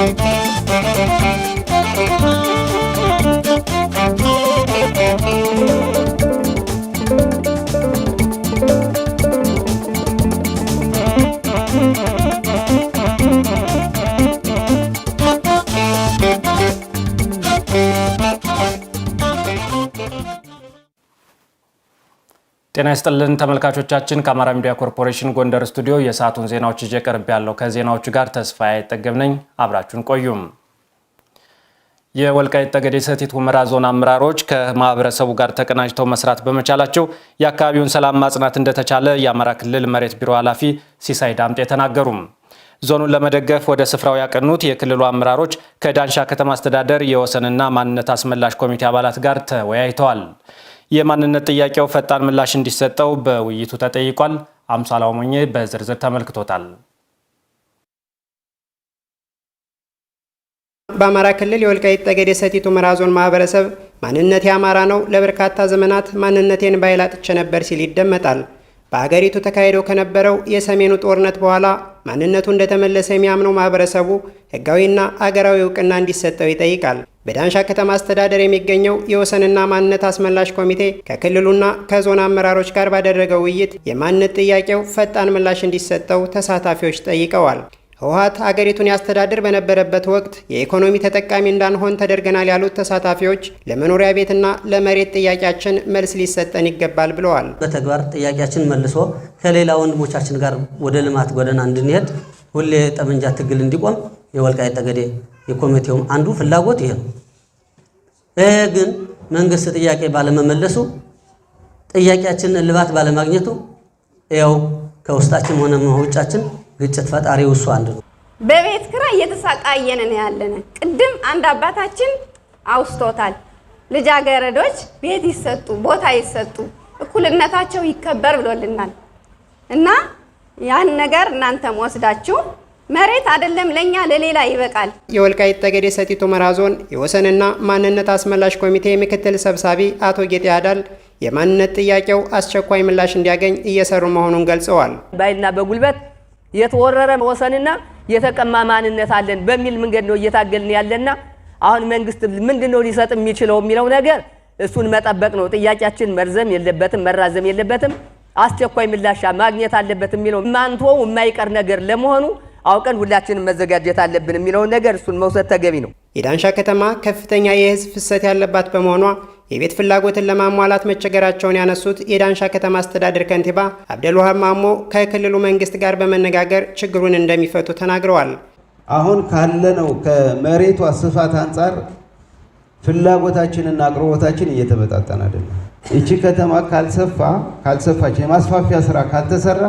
Thank you. ጤና ይስጥልን ተመልካቾቻችን፣ ከአማራ ሚዲያ ኮርፖሬሽን ጎንደር ስቱዲዮ የሰዓቱን ዜናዎች ይዤ ቀርብ ያለው ከዜናዎቹ ጋር ተስፋዬ አይጠገብ ነኝ። አብራችሁን ቆዩም። የወልቃይት ጠገዴ ሰቲት ሁመራ ዞን አመራሮች ከማህበረሰቡ ጋር ተቀናጅተው መስራት በመቻላቸው የአካባቢውን ሰላም ማጽናት እንደተቻለ የአማራ ክልል መሬት ቢሮ ኃላፊ ሲሳይ ዳምጤ ተናገሩም። ዞኑን ለመደገፍ ወደ ስፍራው ያቀኑት የክልሉ አመራሮች ከዳንሻ ከተማ አስተዳደር የወሰንና ማንነት አስመላሽ ኮሚቴ አባላት ጋር ተወያይተዋል። የማንነት ጥያቄው ፈጣን ምላሽ እንዲሰጠው በውይይቱ ተጠይቋል። አምሳላ ሞኜ በዝርዝር ተመልክቶታል። በአማራ ክልል የወልቃይት ጠገዴ ሰቲት ሁመራ ዞን ማህበረሰብ ማንነት የአማራ ነው፣ ለበርካታ ዘመናት ማንነቴን ባይላጥቼ ነበር ሲል ይደመጣል። በአገሪቱ ተካሂዶ ከነበረው የሰሜኑ ጦርነት በኋላ ማንነቱ እንደተመለሰ የሚያምነው ማህበረሰቡ ህጋዊና አገራዊ እውቅና እንዲሰጠው ይጠይቃል። በዳንሻ ከተማ አስተዳደር የሚገኘው የወሰንና ማንነት አስመላሽ ኮሚቴ ከክልሉና ከዞን አመራሮች ጋር ባደረገው ውይይት የማንነት ጥያቄው ፈጣን ምላሽ እንዲሰጠው ተሳታፊዎች ጠይቀዋል። ህወሓት አገሪቱን ያስተዳድር በነበረበት ወቅት የኢኮኖሚ ተጠቃሚ እንዳንሆን ተደርገናል ያሉት ተሳታፊዎች ለመኖሪያ ቤትና ለመሬት ጥያቄያችን መልስ ሊሰጠን ይገባል ብለዋል። በተግባር ጥያቄያችን መልሶ ከሌላ ወንድሞቻችን ጋር ወደ ልማት ጎዳና እንድንሄድ ሁሌ ጠመንጃ ትግል እንዲቆም የወልቃይት ጠገዴ የኮሚቴውም አንዱ ፍላጎት ይሄ ነው። ይሄ ግን መንግስት ጥያቄ ባለመመለሱ ጥያቄያችን እልባት ባለማግኘቱ ያው ከውስጣችን ሆነ ውጫችን ግጭት ፈጣሪው እሱ አንዱ ነው። በቤት ክራ እየተሳቃየን ነው ያለነ። ቅድም አንድ አባታችን አውስቶታል። ልጃገረዶች ቤት ይሰጡ፣ ቦታ ይሰጡ፣ እኩልነታቸው ይከበር ብሎልናል እና ያን ነገር እናንተም ወስዳችሁ መሬት አይደለም ለኛ ለሌላ ይበቃል። የወልቃይት ጠገዴ ሰቲት ሁመራ ዞን የወሰንና ማንነት አስመላሽ ኮሚቴ ምክትል ሰብሳቢ አቶ ጌጤ አዳል የማንነት ጥያቄው አስቸኳይ ምላሽ እንዲያገኝ እየሰሩ መሆኑን ገልጸዋል። በኃይልና በጉልበት የተወረረ ወሰንና የተቀማ ማንነት አለን በሚል መንገድ ነው እየታገልን ያለና አሁን መንግስት ምንድን ነው ሊሰጥ የሚችለው የሚለው ነገር እሱን መጠበቅ ነው። ጥያቄያችን መርዘም የለበትም መራዘም የለበትም አስቸኳይ ምላሻ ማግኘት አለበት የሚለው ማንቶው የማይቀር ነገር ለመሆኑ አውቀን ሁላችንም መዘጋጀት አለብን የሚለውን ነገር እሱን መውሰድ ተገቢ ነው። የዳንሻ ከተማ ከፍተኛ የህዝብ ፍሰት ያለባት በመሆኗ የቤት ፍላጎትን ለማሟላት መቸገራቸውን ያነሱት የዳንሻ ከተማ አስተዳደር ከንቲባ አብደልውሃብ ማሞ ከክልሉ መንግስት ጋር በመነጋገር ችግሩን እንደሚፈቱ ተናግረዋል። አሁን ካለነው ከመሬቷ ስፋት አንጻር ፍላጎታችንና አቅርቦታችን እየተመጣጠን አይደለም። ይቺ ከተማ ካልሰፋ ካልሰፋች የማስፋፊያ ስራ ካልተሰራ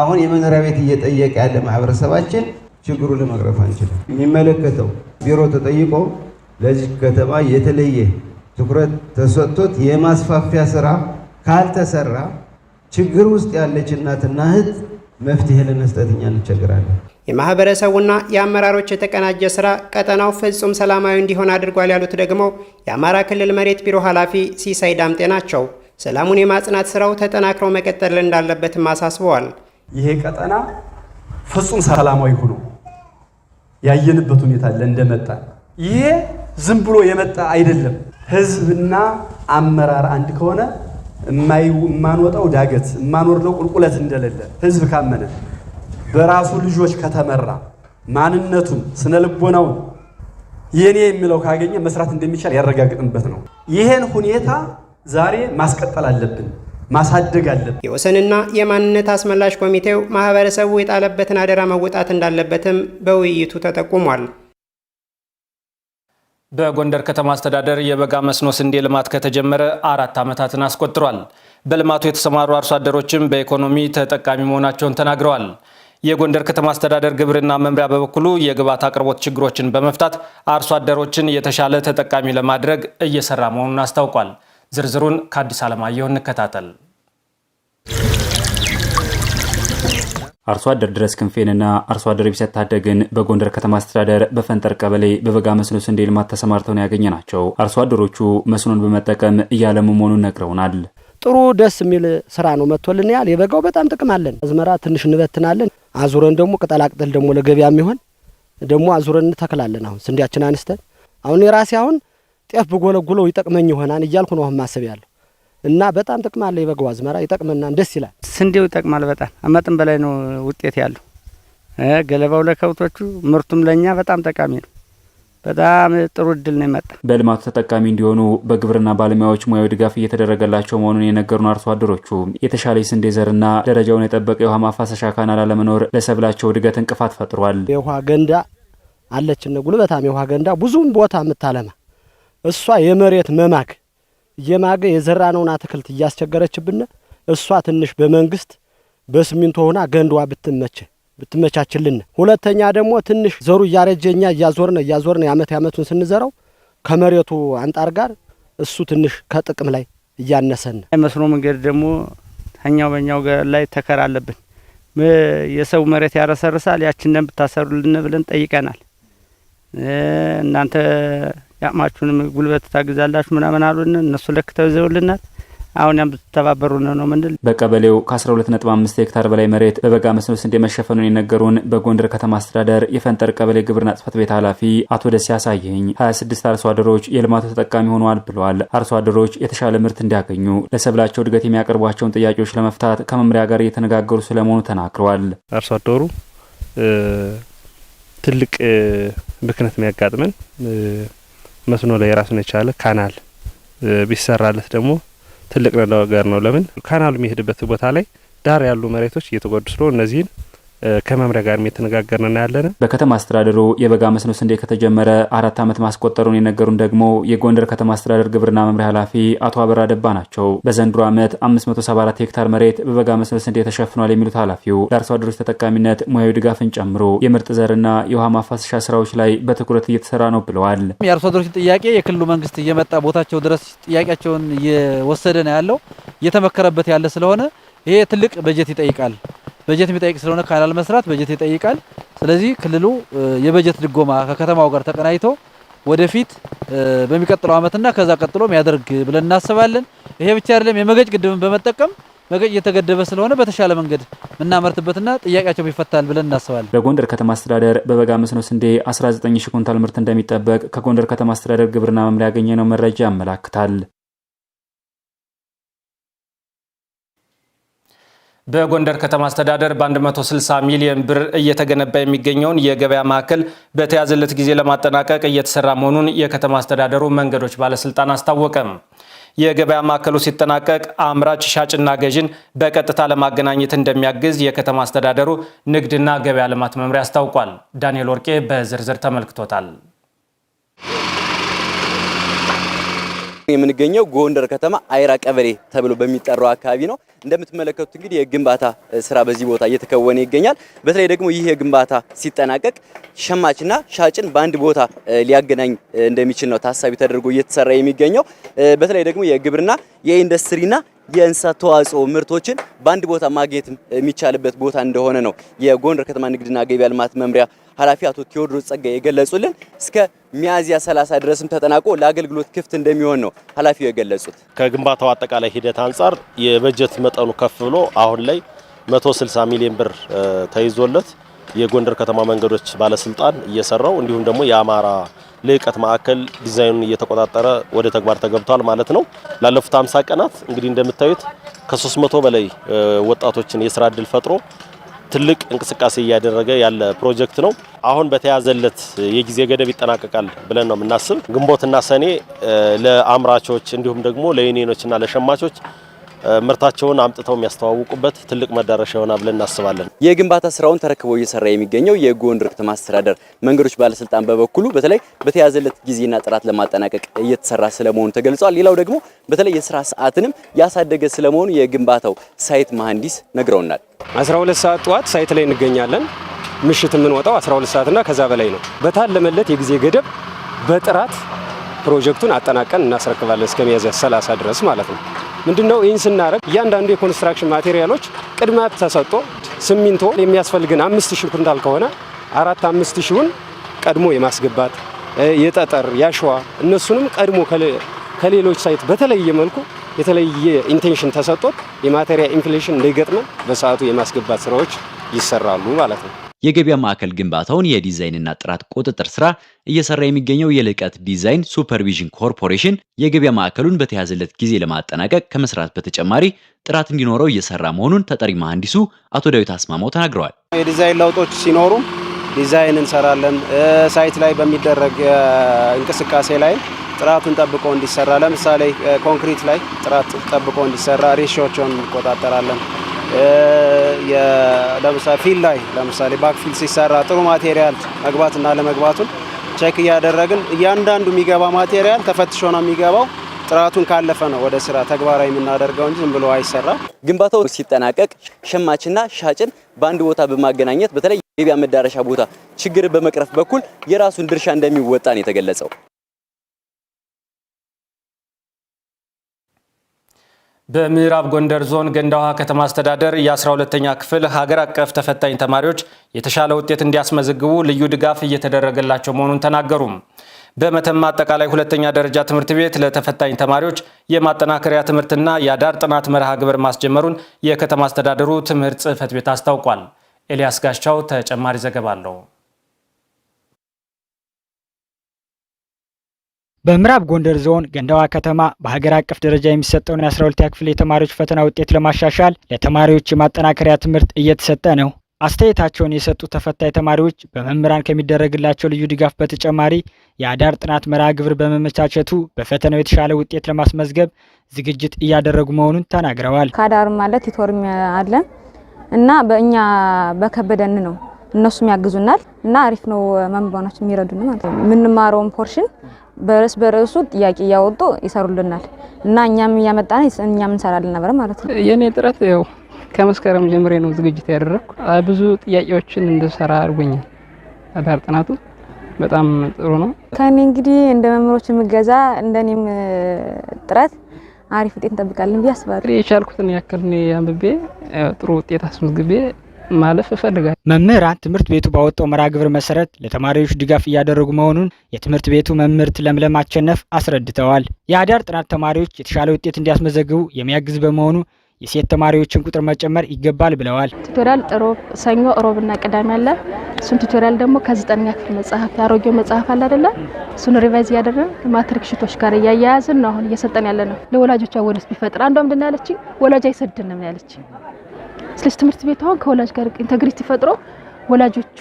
አሁን የመኖሪያ ቤት እየጠየቀ ያለ ማህበረሰባችን ችግሩ ለመቅረፍ አንችልም። የሚመለከተው ቢሮ ተጠይቆ ለዚህ ከተማ የተለየ ትኩረት ተሰጥቶት የማስፋፊያ ስራ ካልተሰራ ችግር ውስጥ ያለች እናትና እህት መፍትሄ ለመስጠት እኛ እንቸግራለን። የማህበረሰቡና የአመራሮች የተቀናጀ ስራ ቀጠናው ፍጹም ሰላማዊ እንዲሆን አድርጓል ያሉት ደግሞ የአማራ ክልል መሬት ቢሮ ኃላፊ ሲሳይ ዳምጤ ናቸው። ሰላሙን የማጽናት ስራው ተጠናክሮ መቀጠል እንዳለበትም አሳስበዋል። ይሄ ቀጠና ፍጹም ሰላማዊ ሆኖ ያየንበት ሁኔታ አለ እንደመጣ ይሄ ዝም ብሎ የመጣ አይደለም። ህዝብና አመራር አንድ ከሆነ የማንወጣው ዳገት የማንወርደው ቁልቁለት እንደሌለ ህዝብ ካመነ በራሱ ልጆች ከተመራ ማንነቱን ስነ ልቦናውን የኔ የሚለው ካገኘ መስራት እንደሚቻል ያረጋግጥንበት ነው። ይህን ሁኔታ ዛሬ ማስቀጠል አለብን፣ ማሳደግ አለብን። የወሰንና የማንነት አስመላሽ ኮሚቴው ማህበረሰቡ የጣለበትን አደራ መወጣት እንዳለበትም በውይይቱ ተጠቁሟል። በጎንደር ከተማ አስተዳደር የበጋ መስኖ ስንዴ ልማት ከተጀመረ አራት ዓመታትን አስቆጥሯል። በልማቱ የተሰማሩ አርሶ አደሮችም በኢኮኖሚ ተጠቃሚ መሆናቸውን ተናግረዋል። የጎንደር ከተማ አስተዳደር ግብርና መምሪያ በበኩሉ የግብዓት አቅርቦት ችግሮችን በመፍታት አርሶ አደሮችን የተሻለ ተጠቃሚ ለማድረግ እየሰራ መሆኑን አስታውቋል። ዝርዝሩን ከአዲስ ዓለማየሁ እንከታተል። አርሶ አደር ድረስ ክንፌንና አርሶ አደር ቢሰት ታደግን በጎንደር ከተማ አስተዳደር በፈንጠር ቀበሌ በበጋ መስኖ ስንዴ ልማት ተሰማርተውን ያገኘ ናቸው። አርሶ አደሮቹ መስኖን በመጠቀም እያለሙ መሆኑን ነግረውናል። ጥሩ ደስ የሚል ስራ ነው መጥቶልን ያል የበጋው በጣም ጥቅም አለን። አዝመራ ትንሽ እንበትናለን። አዙረን ደግሞ ቅጠላቅጠል ደግሞ ለገበያ የሚሆን ደግሞ አዙረን እንተክላለን። አሁን ስንዴያችን አንስተን አሁን የራሴ አሁን ጤፍ ብጎለጉለው ይጠቅመኝ ይሆናል እያልኩ ነው አሁን ማሰብ ያለሁ እና በጣም ጥቅማለ። የበጋው አዝመራ ይጠቅመናል፣ ደስ ይላል። ስንዴው ይጠቅማል በጣም አመጥን በላይ ነው ውጤት ያለው ገለባው ለከብቶቹ ምርቱም ለእኛ በጣም ጠቃሚ ነው። በጣም ጥሩ እድል ነው የመጣ። በልማቱ ተጠቃሚ እንዲሆኑ በግብርና ባለሙያዎች ሙያዊ ድጋፍ እየተደረገላቸው መሆኑን የነገሩን አርሶ አደሮቹ የተሻለ የስንዴ ዘርና ደረጃውን የጠበቀ የውሃ ማፋሰሻ ካናል አለመኖር ለሰብላቸው እድገት እንቅፋት ፈጥሯል። የውሃ ገንዳ አለችን፣ ጉልበታም የውሃ ገንዳ ብዙም ቦታ የምታለማ እሷ የመሬት መማክ እየማገ የዘራነውን አትክልት እያስቸገረችብን እሷ ትንሽ በመንግስት በስሚንቶ ሆና ገንድዋ ብትመች ብትመቻችልን። ሁለተኛ ደግሞ ትንሽ ዘሩ እያረጀ እኛ እያዞርነ እያዞርነ የአመት የአመቱን ስንዘራው ከመሬቱ አንጣር ጋር እሱ ትንሽ ከጥቅም ላይ እያነሰን መስኖ መንገድ ደግሞ እኛው በኛው ላይ ተከር አለብን። የሰው መሬት ያረሰርሳል። ያችን ብታሰሩልን ብለን ጠይቀናል። እናንተ የአቅማችሁንም ጉልበት ታግዛላችሁ ምናምን አሉን። እነሱ ለክተው ይዘውልናል። አሁን ያም ተባበሩ ነው ምንል። በቀበሌው ከ12.5 ሄክታር በላይ መሬት በበጋ መስኖ ስንዴ መሸፈኑን የነገሩን በጎንደር ከተማ አስተዳደር የፈንጠር ቀበሌ ግብርና ጽሕፈት ቤት ኃላፊ አቶ ደሴ ያሳየኝ 26 አርሶ አደሮች የልማቱ ተጠቃሚ ሆነዋል ብለዋል። አርሶ አደሮች የተሻለ ምርት እንዲያገኙ ለሰብላቸው እድገት የሚያቀርቧቸውን ጥያቄዎች ለመፍታት ከመምሪያ ጋር እየተነጋገሩ ስለመሆኑ ተናግረዋል። አርሶ አደሩ ትልቅ ብክነት የሚያጋጥመን መስኖ ላይ የራሱን የቻለ ካናል ቢሰራለት ደግሞ ትልቅ ነገር ነው። ለምን ካናሉ የሚሄድበት ቦታ ላይ ዳር ያሉ መሬቶች እየተጎዱ ስለሆነ እነዚህን ከመምሪያ ጋር የተነጋገርን ያለን። በከተማ አስተዳደሩ የበጋ መስኖ ስንዴ ከተጀመረ አራት ዓመት ማስቆጠሩን የነገሩን ደግሞ የጎንደር ከተማ አስተዳደር ግብርና መምሪያ ኃላፊ አቶ አበራ ደባ ናቸው። በዘንድሮ ዓመት 574 ሄክታር መሬት በበጋ መስኖ ስንዴ ተሸፍኗል የሚሉት ኃላፊው ለአርሶ አደሮች ተጠቃሚነት ሙያዊ ድጋፍን ጨምሮ የምርጥ ዘርና የውሃ ማፋሰሻ ስራዎች ላይ በትኩረት እየተሰራ ነው ብለዋል። የአርሶ አደሮችን ጥያቄ የክልሉ መንግስት እየመጣ ቦታቸው ድረስ ጥያቄያቸውን እየወሰደ ነው ያለው እየተመከረበት ያለ ስለሆነ ይሄ ትልቅ በጀት ይጠይቃል። በጀት የሚጠይቅ ስለሆነ ካናል መስራት በጀት ይጠይቃል። ስለዚህ ክልሉ የበጀት ድጎማ ከከተማው ጋር ተቀናይቶ ወደፊት በሚቀጥለው ዓመትና ከዛ ቀጥሎ የሚያደርግ ብለን እናስባለን። ይሄ ብቻ አይደለም። የመገጭ ግድብን በመጠቀም መገጭ እየተገደበ ስለሆነ በተሻለ መንገድ የምናመርትበትና ጥያቄያቸው ይፈታል ብለን እናስባለን። በጎንደር ከተማ አስተዳደር በበጋ መስኖ ስንዴ 19 ሺ ኩንታል ምርት እንደሚጠበቅ ከጎንደር ከተማ አስተዳደር ግብርና መምሪያ ያገኘነው መረጃ ያመላክታል። በጎንደር ከተማ አስተዳደር በ160 ሚሊዮን ብር እየተገነባ የሚገኘውን የገበያ ማዕከል በተያዘለት ጊዜ ለማጠናቀቅ እየተሰራ መሆኑን የከተማ አስተዳደሩ መንገዶች ባለስልጣን አስታወቀም። የገበያ ማዕከሉ ሲጠናቀቅ አምራች ሻጭና ገዥን በቀጥታ ለማገናኘት እንደሚያግዝ የከተማ አስተዳደሩ ንግድና ገበያ ልማት መምሪያ አስታውቋል። ዳንኤል ወርቄ በዝርዝር ተመልክቶታል። የምንገኘው ጎንደር ከተማ አይራ ቀበሌ ተብሎ በሚጠራው አካባቢ ነው። እንደምትመለከቱት እንግዲህ የግንባታ ስራ በዚህ ቦታ እየተከወነ ይገኛል። በተለይ ደግሞ ይህ የግንባታ ሲጠናቀቅ ሸማችና ሻጭን በአንድ ቦታ ሊያገናኝ እንደሚችል ነው ታሳቢ ተደርጎ እየተሰራ የሚገኘው። በተለይ ደግሞ የግብርና የኢንዱስትሪና የእንስሳት ተዋጽኦ ምርቶችን በአንድ ቦታ ማግኘት የሚቻልበት ቦታ እንደሆነ ነው የጎንደር ከተማ ንግድና ገቢያ ልማት መምሪያ ኃላፊ አቶ ቴዎድሮስ ጸጋዬ የገለጹልን እስከ ሚያዝያ 30 ድረስም ተጠናቆ ለአገልግሎት ክፍት እንደሚሆን ነው ኃላፊው የገለጹት። ከግንባታው አጠቃላይ ሂደት አንጻር የበጀት መጠኑ ከፍ ብሎ አሁን ላይ 160 ሚሊዮን ብር ተይዞለት የጎንደር ከተማ መንገዶች ባለስልጣን እየሰራው እንዲሁም ደግሞ የአማራ ልዕቀት ማዕከል ዲዛይኑን እየተቆጣጠረ ወደ ተግባር ተገብቷል ማለት ነው። ላለፉት 50 ቀናት እንግዲህ እንደምታዩት ከ300 በላይ ወጣቶችን የስራ እድል ፈጥሮ ትልቅ እንቅስቃሴ እያደረገ ያለ ፕሮጀክት ነው። አሁን በተያዘለት የጊዜ ገደብ ይጠናቀቃል ብለን ነው የምናስብ። ግንቦትና ሰኔ ለአምራቾች እንዲሁም ደግሞ ለዩኒዮኖችና ለሸማቾች ምርታቸውን አምጥተው የሚያስተዋውቁበት ትልቅ መዳረሻ ይሆናል ብለን እናስባለን። የግንባታ ስራውን ተረክቦ እየሰራ የሚገኘው የጎንደር ከተማ አስተዳደር መንገዶች ባለስልጣን በበኩሉ በተለይ በተያዘለት ጊዜና ጥራት ለማጠናቀቅ እየተሰራ ስለመሆኑ ተገልጿል። ሌላው ደግሞ በተለይ የስራ ሰዓትንም ያሳደገ ስለመሆኑ የግንባታው ሳይት መሐንዲስ ነግረውናል። 12 ሰዓት ጠዋት ሳይት ላይ እንገኛለን። ምሽት የምንወጣው 12 ሰዓትና ከዛ በላይ ነው። በታለመለት የጊዜ ገደብ በጥራት ፕሮጀክቱን አጠናቀን እናስረክባለን እስከ ሚያዝያ 30 ድረስ ማለት ነው። ምንድነው? ይህን ስናደረግ እያንዳንዱ የኮንስትራክሽን ማቴሪያሎች ቅድመ ተሰጥቶ ስሚንቶ የሚያስፈልግን አምስት ሺህ ኩንታል ከሆነ አራት አምስት ሺውን ቀድሞ የማስገባት የጠጠር ያሸዋ እነሱንም ቀድሞ ከሌሎች ሳይት በተለየ መልኩ የተለየ ኢንቴንሽን ተሰጥቶት የማቴሪያል ኢንፍሌሽን እንዳይገጥመን በሰዓቱ የማስገባት ስራዎች ይሰራሉ ማለት ነው። የገበያ ማዕከል ግንባታውን የዲዛይንና ጥራት ቁጥጥር ስራ እየሰራ የሚገኘው የልቀት ዲዛይን ሱፐርቪዥን ኮርፖሬሽን የገበያ ማዕከሉን በተያዘለት ጊዜ ለማጠናቀቅ ከመስራት በተጨማሪ ጥራት እንዲኖረው እየሰራ መሆኑን ተጠሪ መሐንዲሱ አቶ ዳዊት አስማማው ተናግረዋል። የዲዛይን ለውጦች ሲኖሩ ዲዛይን እንሰራለን። ሳይት ላይ በሚደረግ እንቅስቃሴ ላይ ጥራቱን ጠብቆ እንዲሰራ፣ ለምሳሌ ኮንክሪት ላይ ጥራት ጠብቆ እንዲሰራ ሬሾዎችን እንቆጣጠራለን። ፊል ላይ ለምሳሌ ባክፊል ሲሰራ ጥሩ ማቴሪያል መግባትና ለመግባቱን ቼክ እያደረግን እያንዳንዱ የሚገባ ማቴሪያል ተፈትሾ ነው የሚገባው። ጥራቱን ካለፈ ነው ወደ ስራ ተግባራዊ የምናደርገው እንጂ ዝም ብሎ አይሰራ። ግንባታው ሲጠናቀቅ ሸማችና ሻጭን በአንድ ቦታ በማገናኘት በተለይ ገቢያ መዳረሻ ቦታ ችግርን በመቅረፍ በኩል የራሱን ድርሻ እንደሚወጣ ነው የተገለጸው። በምዕራብ ጎንደር ዞን ገንዳ ውሃ ከተማ አስተዳደር የ 12 ተኛ ክፍል ሀገር አቀፍ ተፈታኝ ተማሪዎች የተሻለ ውጤት እንዲያስመዘግቡ ልዩ ድጋፍ እየተደረገላቸው መሆኑን ተናገሩ። በመተማ አጠቃላይ ሁለተኛ ደረጃ ትምህርት ቤት ለተፈታኝ ተማሪዎች የማጠናከሪያ ትምህርትና የአዳር ጥናት መርሃ ግብር ማስጀመሩን የከተማ አስተዳደሩ ትምህርት ጽህፈት ቤት አስታውቋል። ኤልያስ ጋሻው ተጨማሪ ዘገባ አለው። በምዕራብ ጎንደር ዞን ገንዳዋ ከተማ በሀገር አቀፍ ደረጃ የሚሰጠውን የአስራ 12 ክፍል የተማሪዎች ፈተና ውጤት ለማሻሻል ለተማሪዎች የማጠናከሪያ ትምህርት እየተሰጠ ነው። አስተያየታቸውን የሰጡ ተፈታኝ ተማሪዎች በመምህራን ከሚደረግላቸው ልዩ ድጋፍ በተጨማሪ የአዳር ጥናት መርሃ ግብር በመመቻቸቱ በፈተናው የተሻለ ውጤት ለማስመዝገብ ዝግጅት እያደረጉ መሆኑን ተናግረዋል። ከአዳር ማለት ቲቶርም አለን እና በእኛ በከበደን ነው እነሱም ያግዙናል እና አሪፍ ነው መምህራኖች የሚረዱን ማለት ነው የምንማረውን ፖርሽን በርዕስ በርዕሱ ጥያቄ እያወጡ ይሰሩልናል እና እኛም እያመጣን እኛም እንሰራለን ነበር ማለት ነው። የእኔ ጥረት ያው ከመስከረም ጀምሬ ነው ዝግጅት ያደረግኩ። ብዙ ጥያቄዎችን እንድሰራ አድርጎኛል። አዳር ጥናቱ በጣም ጥሩ ነው። ከኔ እንግዲህ እንደ መምህሮች የምገዛ እንደኔም ጥረት አሪፍ ውጤት እንጠብቃለን ብዬ አስባለሁ። የቻልኩትን ያክል አንብቤ ጥሩ ውጤት አስመዝግቤ ማለፍ እፈልጋል። መምህራን ትምህርት ቤቱ ባወጣው መርሃ ግብር መሰረት ለተማሪዎች ድጋፍ እያደረጉ መሆኑን የትምህርት ቤቱ መምህርት ለምለም አቸነፍ አስረድተዋል። የአዳር ጥናት ተማሪዎች የተሻለ ውጤት እንዲያስመዘግቡ የሚያግዝ በመሆኑ የሴት ተማሪዎችን ቁጥር መጨመር ይገባል ብለዋል። ቱቶሪያል ሰኞ፣ ሮብ እና ቅዳሜ አለ። እሱን ቱቶሪያል ደግሞ ከዘጠነኛ ክፍል መጽሐፍ የአሮጌው መጽሐፍ አለ አደለ? እሱን ሪቫይዝ እያደረግን ማትሪክ ሽቶች ጋር እያያያዝን ነው አሁን እየሰጠን ያለ ነው። ለወላጆቿ ወደስ ቢፈጥር አንዷ ምንድን ያለች ወላጅ አይሰድንም ያለች ስለዚህ ትምህርት ቤት አሁን ከወላጅ ጋር ኢንተግሪቲ ፈጥሮ ወላጆቹ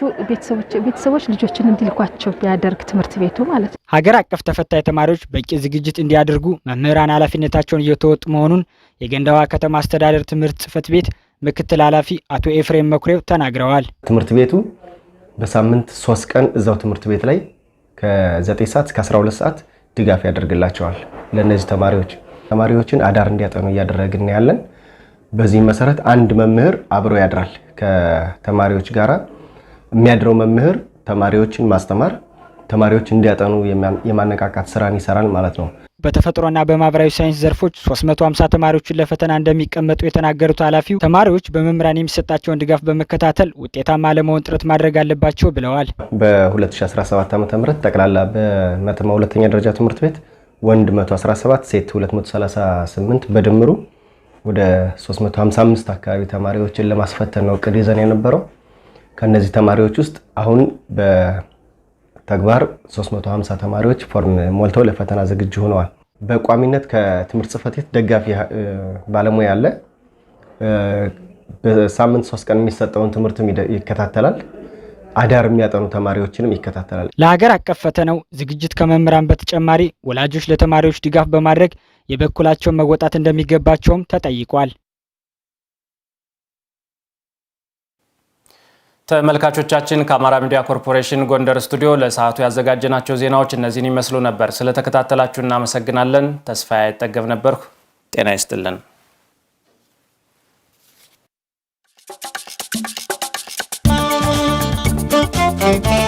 ቤተሰቦች ልጆችን እንዲልኳቸው ቢያደርግ ትምህርት ቤቱ ማለት ነው። ሀገር አቀፍ ተፈታኝ ተማሪዎች በቂ ዝግጅት እንዲያደርጉ መምህራን ኃላፊነታቸውን እየተወጡ መሆኑን የገንዳዋ ከተማ አስተዳደር ትምህርት ጽፈት ቤት ምክትል ኃላፊ አቶ ኤፍሬም መኩሬው ተናግረዋል። ትምህርት ቤቱ በሳምንት ሶስት ቀን እዛው ትምህርት ቤት ላይ ከ9 ሰዓት እስከ 12 ሰዓት ድጋፍ ያደርግላቸዋል። ለእነዚህ ተማሪዎች ተማሪዎችን አዳር እንዲያጠኑ እያደረግን ያለን በዚህ መሰረት አንድ መምህር አብሮ ያድራል ከተማሪዎች ጋራ። የሚያድረው መምህር ተማሪዎችን ማስተማር፣ ተማሪዎች እንዲያጠኑ የማነቃቃት ስራን ይሰራል ማለት ነው። በተፈጥሮና በማህበራዊ ሳይንስ ዘርፎች 350 ተማሪዎችን ለፈተና እንደሚቀመጡ የተናገሩት ኃላፊው ተማሪዎች በመምህራን የሚሰጣቸውን ድጋፍ በመከታተል ውጤታማ ለመሆን ጥረት ማድረግ አለባቸው ብለዋል። በ2017 ዓ ም ጠቅላላ በመተማ ሁለተኛ ደረጃ ትምህርት ቤት ወንድ 117 ሴት 238 በድምሩ ወደ 355 አካባቢ ተማሪዎችን ለማስፈተን ነው እቅድ ይዘን የነበረው። ከነዚህ ተማሪዎች ውስጥ አሁን በተግባር 350 ተማሪዎች ፎርም ሞልተው ለፈተና ዝግጁ ሆነዋል። በቋሚነት ከትምህርት ጽፈት ቤት ደጋፊ ባለሙያ አለ። በሳምንት ሶስት ቀን የሚሰጠውን ትምህርትም ይከታተላል። አዳር የሚያጠኑ ተማሪዎችንም ይከታተላል። ለሀገር አቀፍ ፈተናው ዝግጅት ከመምህራን በተጨማሪ ወላጆች ለተማሪዎች ድጋፍ በማድረግ የበኩላቸውን መወጣት እንደሚገባቸውም ተጠይቋል። ተመልካቾቻችን ከአማራ ሚዲያ ኮርፖሬሽን ጎንደር ስቱዲዮ ለሰዓቱ ያዘጋጀናቸው ዜናዎች እነዚህን ይመስሉ ነበር። ስለተከታተላችሁ እናመሰግናለን። ተስፋዬ አይጠገብ ነበርኩ። ጤና ይስጥልን። Thank you.